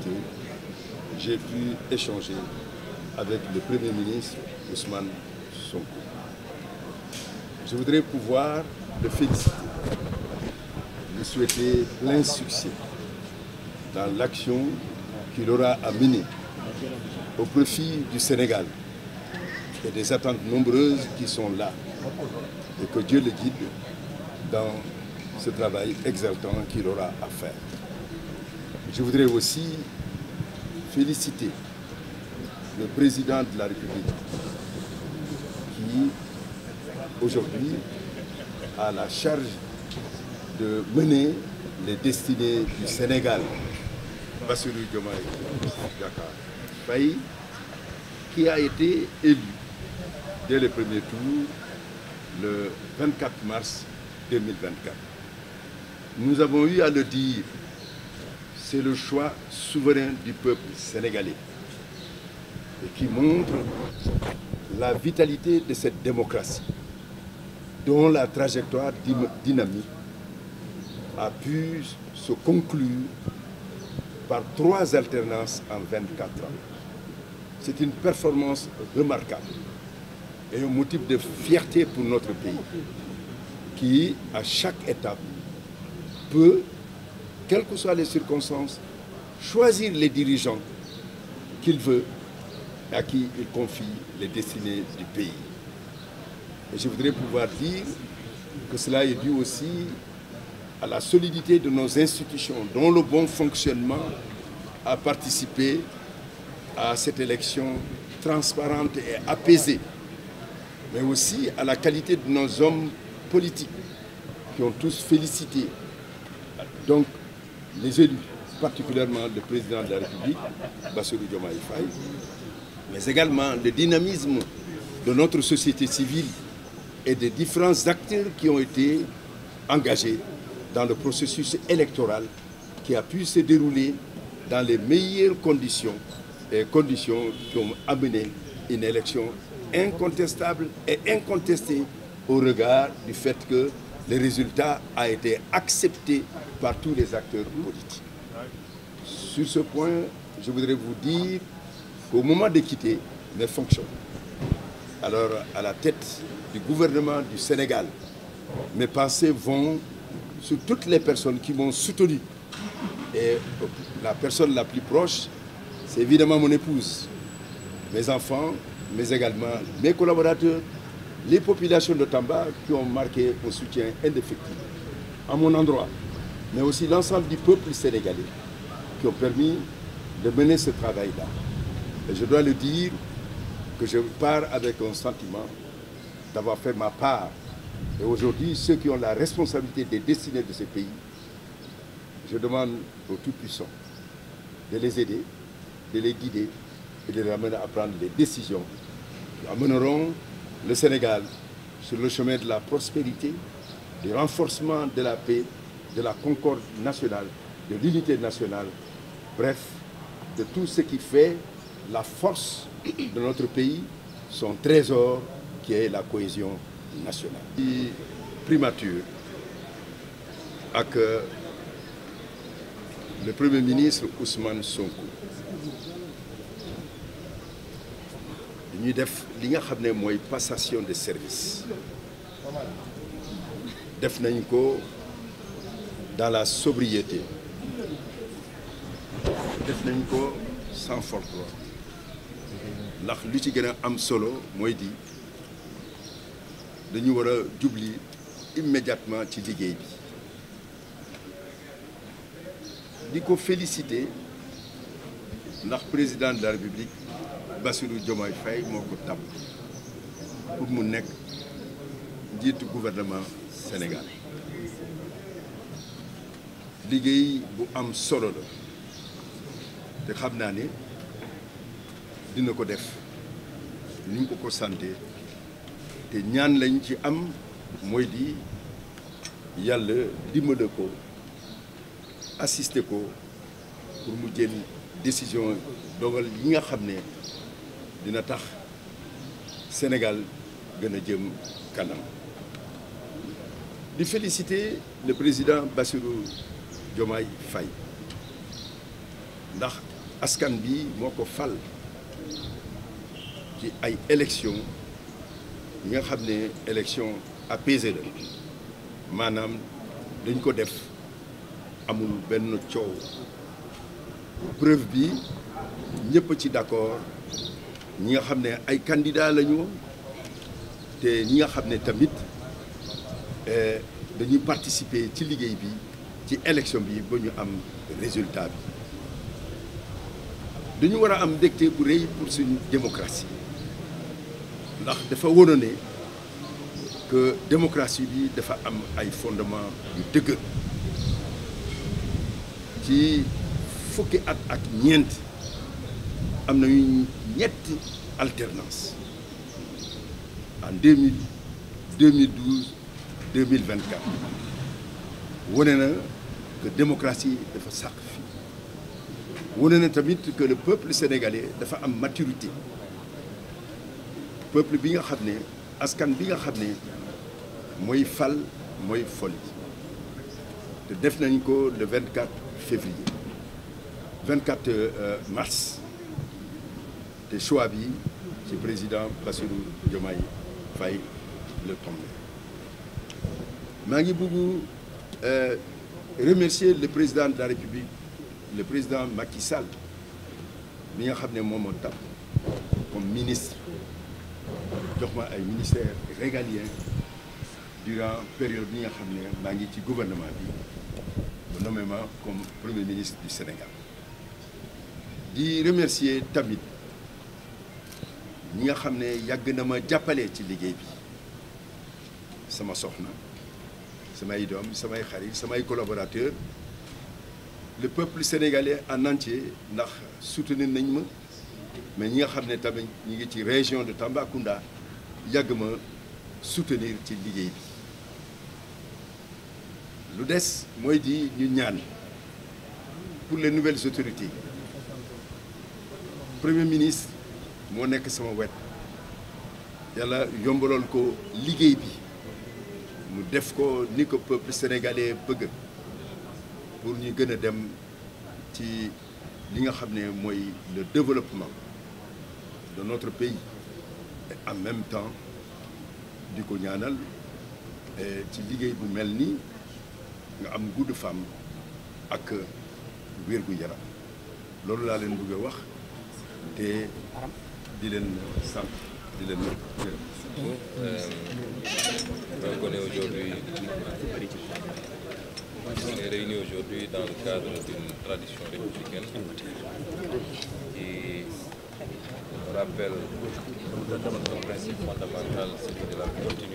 qui j'ai pu échanger avec le Premier ministre Ousmane Sonko. Je voudrais pouvoir le féliciter, lui souhaiter plein dans l'action qu'il aura à au profit du Sénégal. et des attentes nombreuses qui sont là. Et que Dieu le guide dans ce travail exaltant qu'il aura à Je voudrais aussi féliciter le président de la République qui, aujourd'hui, a la charge de mener les destinées du Sénégal. Bassirou Diomaye Dakar Faye, qui a été élu dès les premiers tours le 24 mars 2024. Nous avons eu à le le choix souverain du peuple sénégalais vitalité de cette démocratie dont la trajectoire dynamique a pu se en 24 ans. une performance remarquable. et un motif de fierté pour notre pays, qui, à chaque étape, peut, quelles que soient les circonstances, choisir les dirigeants qu'il veut et à qui il confie les destinées du pays. Et je voudrais pouvoir dire que cela est dû aussi à la solidité de nos institutions, dont le bon fonctionnement a participé à cette élection transparente et apaisée. mais aussi à la qualité de nos hommes politiques qui ont tous félicité donc les élus, particulièrement le président de la République, Bassirou Diomaye Faye, mais également le dynamisme de notre société civile et des différents acteurs qui ont été engagés dans le processus électoral qui a pu se dérouler dans les meilleures conditions et conditions qui ont amené une élection incontestable et incontestée au regard du fait que le résultat a été accepté par tous les acteurs politiques. Sur ce point, je voudrais vous dire qu'au moment de quitter mes fonctions, alors à la tête du gouvernement du Sénégal, mes pensées vont sur toutes les personnes qui m'ont soutenu. Et la personne la plus proche, c'est évidemment mon épouse, mes enfants, mais également mes collaborateurs, les populations de Tamba qui ont marqué un soutien indéfectible à mon endroit, mais aussi l'ensemble du peuple sénégalais qui ont permis de mener ce travail-là. Et je dois le dire que je pars avec un sentiment d'avoir fait ma part. Et aujourd'hui, ceux qui ont la responsabilité des destinées de ce pays, je demande au Tout-Puissant de les aider, de les guider, et de à prendre les décisions qui le Sénégal sur le chemin de la prospérité, du renforcement de la paix, de la concorde nationale, de l'unité nationale, bref, de tout ce qui fait la force de notre pays, son trésor qui est la cohésion nationale. ci primature ak le Premier ministre Ousmane Sonko ñuy def li nga xam ne mooy passation de service def nañ ko dans la sobriété def nañ ko sans folklore ndax lu ci gën a am solo mooy di dañu war a jubli immédiatement ci liggéey bi di ko féliciter ndax président de la république basiru Diomaye Faye moo ko tàbb pour mu nekk njiitu gouvernement Sénégal liggéey bu am solo la te xam naa ne dina ko def ni ñu ko ko santé te ñaan lañ ci am mooy di yàlla dimbale ko assister ko pour mu jël décision dogal yi nga xam ne dina tax Sénégal gën a jëm kanam di féliciter le président basiru Diomaye fay ndax askan bi moo ko fal ci ay élection yi nga xam ne élection apaisée la maanaam dañ ko def amul benn coow preuve bi ñëpp ci d'accord ñi nga xam ne ay candidat lañu te ñi nga xam ne tamit eh, dañuy participer ci liggéey bi ci élection bi ba ñu am résultat bi dañu war a am ndegte bu rëy pour suñu démocratie ndax dafa wono ne que bi dafa am ay fondement yu dëgër ci fukki at ak ñeent am nañu ñetti alternance en 2000 2012 2024 wane na que démocratie dafa sàq fii wane na tamit que le peuple sénégalais dafa am maturité peuple bi nga xam ne askan bi nga xam ne mooy fal mooy foli te def nañ ko le 24 février 24 euh, mars te choix bi ci président Bassirou Diomaye Faye le tombe maa ngi bëgg euh, remercier le président de la République le président Macky Sall mi nga xam ne moom moo tàpp comme ministre jox ma ay ministère régalien durant période bi nga xam ne maa ngi ci gouvernement bi mu comme premier ministre du Sénégal di remercier tamit ñi nga xam ne yàgg na ma jàppale ci liggéey bi sama soxna samay doom samay xarit samay collaborateurs le peuple sénégalais en entier ndax soutenir nañ ma mais ñi nga xam ne tamit ñi ngi ci région de Tambacounda yàgg ma soutenir ci liggéey bi lu des mooy di ñu ñaan pour les nouvelles autorités premier ministre moo nekk sama wet yàlla yombaloon ko liggéey bi mu def ko ni ko peuple sénégalais bëgg pour ñu gën a dem ci li nga xam ne mooy le développement de notre pays en même temps di ko ñaanal eh, ci liggéey bu mel nii nga am gudd femme ak wér gu yaram loolu laa leen bëgg wax te di leen sant euh, aujourd'hui on est aujourd'hui dans le cadre d'une tradition républicaine qui rappelle un principe fondamental, celui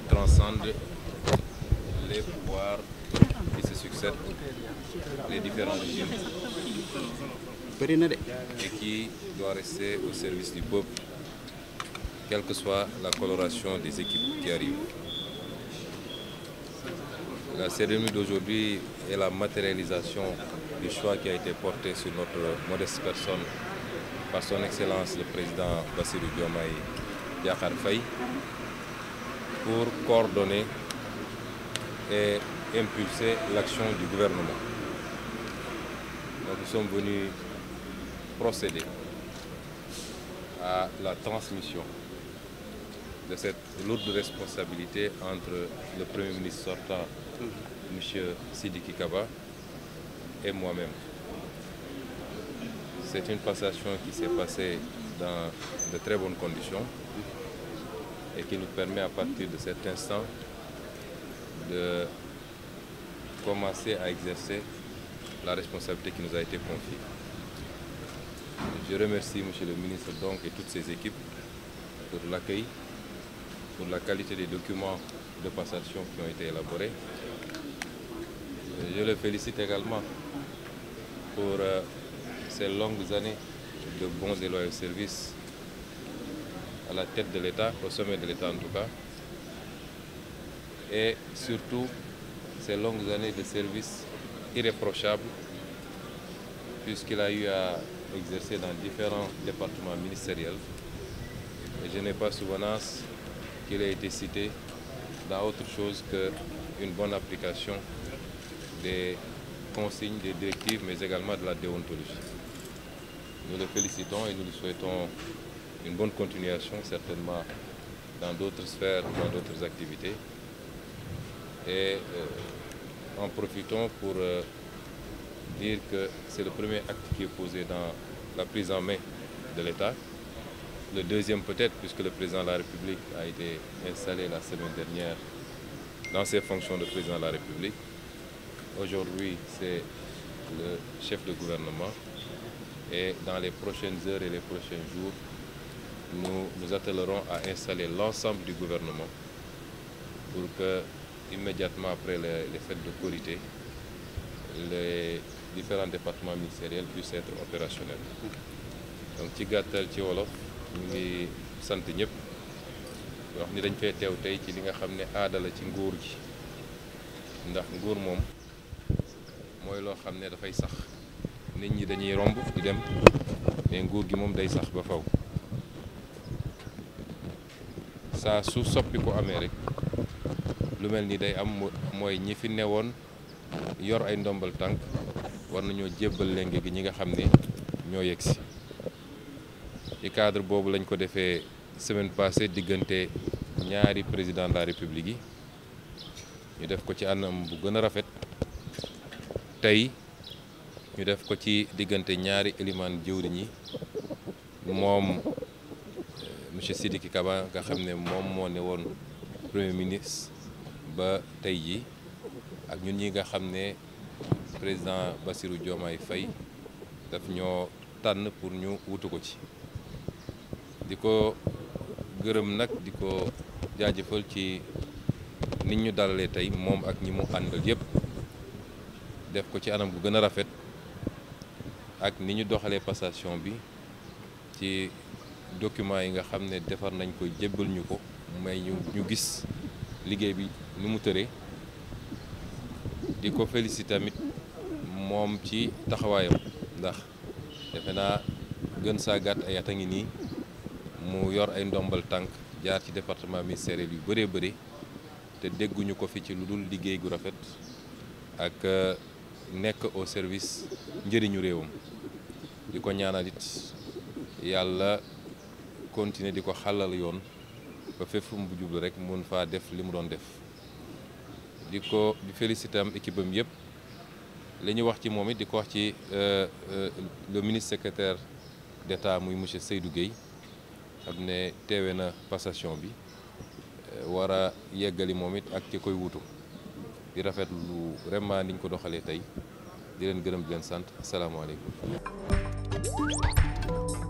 de transcende les pouvoirs qui se succèdent, les différents régimes. bëri na de. et qui doit rester au service du peuple quelle que soit la coloration des équipes qui arrivent. La cérémonie d'aujourd'hui est la matérialisation du choix qui a été porté sur notre modeste personne par son excellence le président Bassirou Diomaye Diakhar Faye pour coordonner et impulser l'action du gouvernement. Donc nous sommes venus procéder à la transmission de cette lourde responsabilité entre le Premier ministre sortant, M. Sidiki et moi-même. C'est une passation qui s'est passée dans de très bonnes conditions et qui nous permet à partir de cet instant de commencer à exercer la responsabilité qui nous a été confiée. Je remercie Monsieur le ministre donc et toutes ses équipes pour l'accueil, pour la qualité des documents de passation qui ont été élaborés. Je le félicite également pour euh, ces longues années de bons et loyaux services à la tête de l'État, au sommet de l'État en tout cas, et surtout ces longues années de service irréprochables puisqu'il a eu exercé dans différents départements ministériels. Et je n'ai pas souvenance qu'il ait été cité dans autre chose qu'une bonne application des consignes, des directives, mais également de la déontologie. Nous le félicitons et nous lui souhaitons une bonne continuation, certainement dans d'autres sphères, dans d'autres activités. Et euh, en profitons pour euh, dire que c'est le premier acte qui est posé dans la prise en main de l'État. Le deuxième peut-être, puisque le président de la République a été installé la semaine dernière dans ses fonctions de président de la République. Aujourd'hui, c'est le chef de gouvernement. Et dans les prochaines heures et les prochains jours, nous nous attellerons à installer l'ensemble du gouvernement pour que, immédiatement après les, les fêtes de Corité, les différents départements ministériels puissent être opérationnel donc ci gàttal ci wolof ñu ngi sant ñëpp wax ni dañ fee teew tey ci li nga xam ne aadala ci nguur gi ndax nguur moom mooy loo xam ne dafay sax nit ñi dañuy romb di dem mais nguur gi moom day sax ba faw saa su soppi ko amee rek lu mel ni day am mooy ñi fi newoon yor ay ndombal tànk war nañoo jébbal léng gi ñi nga xam ne ñoo yegg si ci cadre boobu lañ ko defee semaine passée diggante ñaari président la république yi ñu def ko ci anam bu gën a rafet tey ñu def ko ci diggante ñaari élimaan jëwriñ yi moom euh, monsieur Sidiki Kaba nga xam ne moom moo ne woon premier ministre ba tey ji ak ñu ñi nga xam ne président basiru joomaay Faye daf ñoo tànn pour ñu wutu ko ci di ko gërëm nag di ko jaajëfal ci nit ñu dalalee tey moom ak ñi mu àndal yépp def ko ci anam gu gën a rafet ak ni ñu doxalee passation bi ci document yi nga xam ne defar nañ ko jébbal ñu ko may ñu ñu gis liggéey bi nu mu tëree di ko félicité tamit moom ci taxawaayam ndax defe naa gën saa gàtt ay a ngi nii mu yor ay ndombal tànk jaar ci département ministériel yu bëree bëri te dégguñu ko fi ci lu dul liggéey gu rafet ak euh, nekk au service njëriñu réewam di ko ñaanal it yàlla continuer di ko xàllal yoon ba fépp mu jublu rek mun faa def li mu doon def di ko di félicité am équipe yëpp li ñu wax ci moom it di ko wax ci euh, euh, le ministre secrétaire d'État muy monsieur Seydou géey xam ne teewe na passation bi euh, war a yeggali moom it ak ci koy wutu di rafetlu vraiment niñ ko doxalee tey di leen gërëm di leen sant asalaamaaleykum